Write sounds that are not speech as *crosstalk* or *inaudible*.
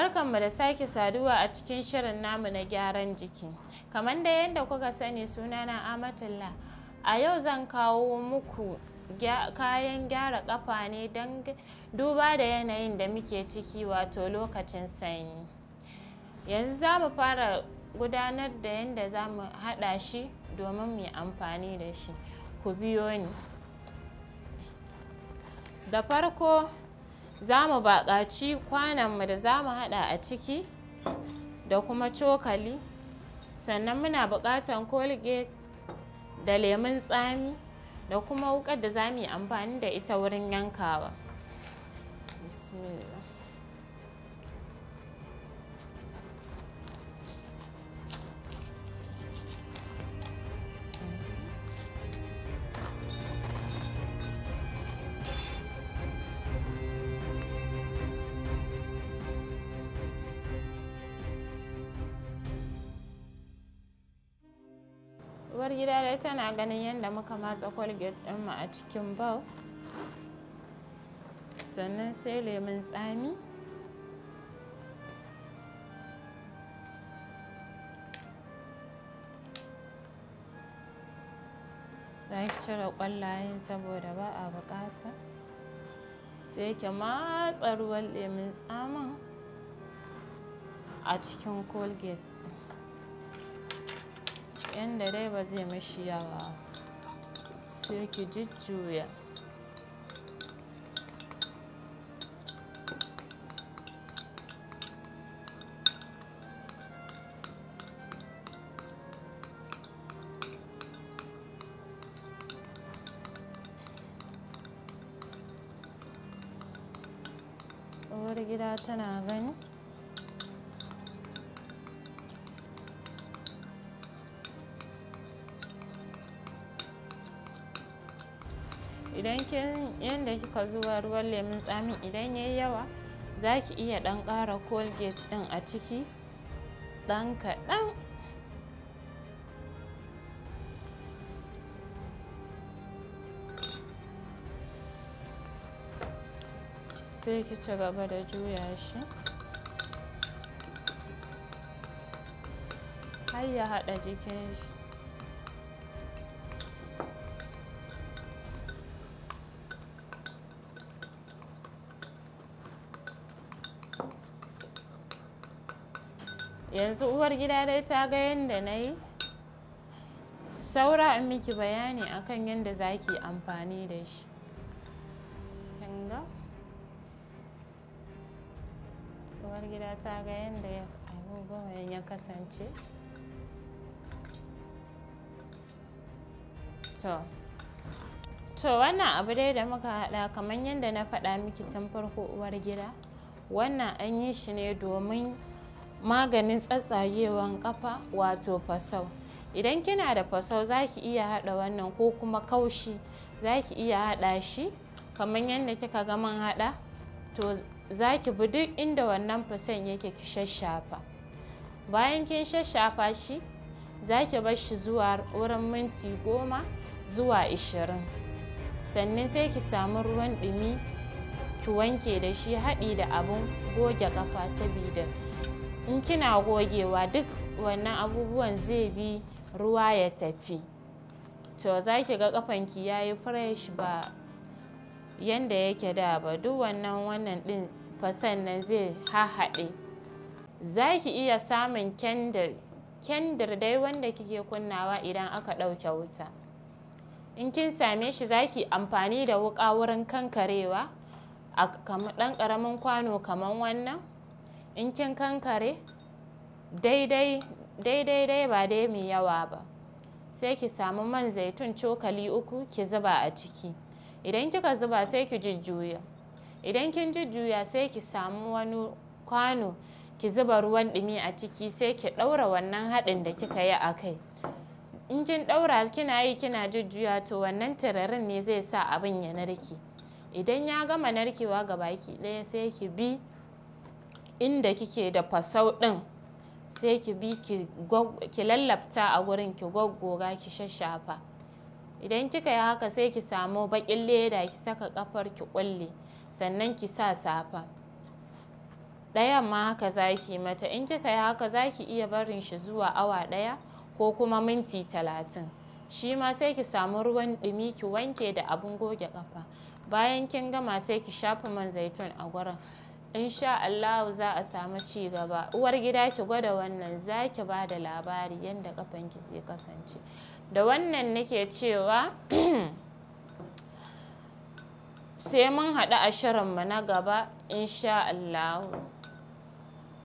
Barkanmu da sake saduwa a cikin shirin namu na gyaran jiki. Kamar da yadda kuka sani sunana Amatullah. A yau zan kawo muku kayan gyara kafa ne don duba da yanayin da muke ciki wato lokacin sanyi. Yanzu za mu fara gudanar da yadda za mu haɗa shi domin mu yi amfani da shi. Ku biyo ni. Da farko za mu baƙaci kwananmu da za mu haɗa a ciki da kuma cokali sannan muna buƙatar colgate da lemun tsami da kuma wuƙar da za mu yi amfani da ita wurin yankawa bismillah uwar gida dai tana ganin yadda muka matsa colgate ɗinmu a cikin bau sannan sai lemun tsami za ki cire ƙwallayen saboda ba a buƙata sai ki matsa ruwan lemun tsamin a cikin colgate yanda dai ba zai mashi yawa sai ki jujjuya uwar gida tana gani idan kin yanda kika zuwa ruwan lemun tsami idan yayi yawa za ki iya dan kara colgate din a ciki dan kaɗan sai ki ci gaba da juya shi har ya haɗa jikin shi yanzu uwar gida dai ta ga yadda na yi saura in miki bayani akan yadda za ki amfani da shi uwar gida ta ga yadda abubuwan ya kasance to to wannan abu dai da muka haɗa kamar yadda na faɗa miki tun farko uwar gida wannan an yi shi ne domin maganin tsatsayewan kafa wato fasau idan kina da fasau za ki iya haɗa wannan ko kuma kaushi za ki iya haɗa shi kamar yadda kika ga man haɗa to za ki bi duk inda wannan fasan yake ki shashafa bayan kin shashafa shi za ki bar shi zuwa wurin minti goma zuwa ishirin sannan sai ki samu ruwan ɗumi ki wanke da shi haɗi da abin goge ƙafa sabida in kina gogewa duk wannan abubuwan zai bi ruwa ya tafi to za ki ga kafanki ya yi fresh ba yanda yake da ba duk wannan wannan din fasan nan zai hahaɗe za ki iya samun kendir kendir dai wanda kike kunnawa idan aka ɗauke wuta in kin same shi za ki amfani da wuka wurin kankarewa a ɗan ƙaramin kwano kamar wannan in kin kankare daidai dai ba dai mai yawa ba sai ki samu man zaitun cokali uku ki zuba a ciki idan kika zuba sai ki jujjuya idan kin jujjuya sai ki samu wani kwano ki zuba ruwan dumi a ciki sai ki daura wannan haɗin da kika yi a kai in kin daura kina yi kina jujjuya to wannan tirarin ne zai sa abin ya narke idan ya gama narkewa ga baki ɗaya sai ki bi inda kike da fasau din sai ki bi ki lallafta a gurin ki goggoga ki shashafa idan kika yi haka sai ki samu baƙin leda ki saka ƙafar ki ƙulle sannan ki sa safa ɗayan ma haka zaki ki mata in kika yi haka zaki iya barin shi zuwa awa ɗaya ko kuma minti talatin shi ma sai ki samu ruwan ɗumi ki wanke da abin goge ƙafa bayan kin gama sai ki shafa man zaitun a gurin insha Allah za a samu ci gaba uwar gida ki gwada wannan za ki ba da labari yadda kafan ki zai kasance da wannan nake cewa *clears throat* sai mun haɗu a shirinmu na gaba insha Allah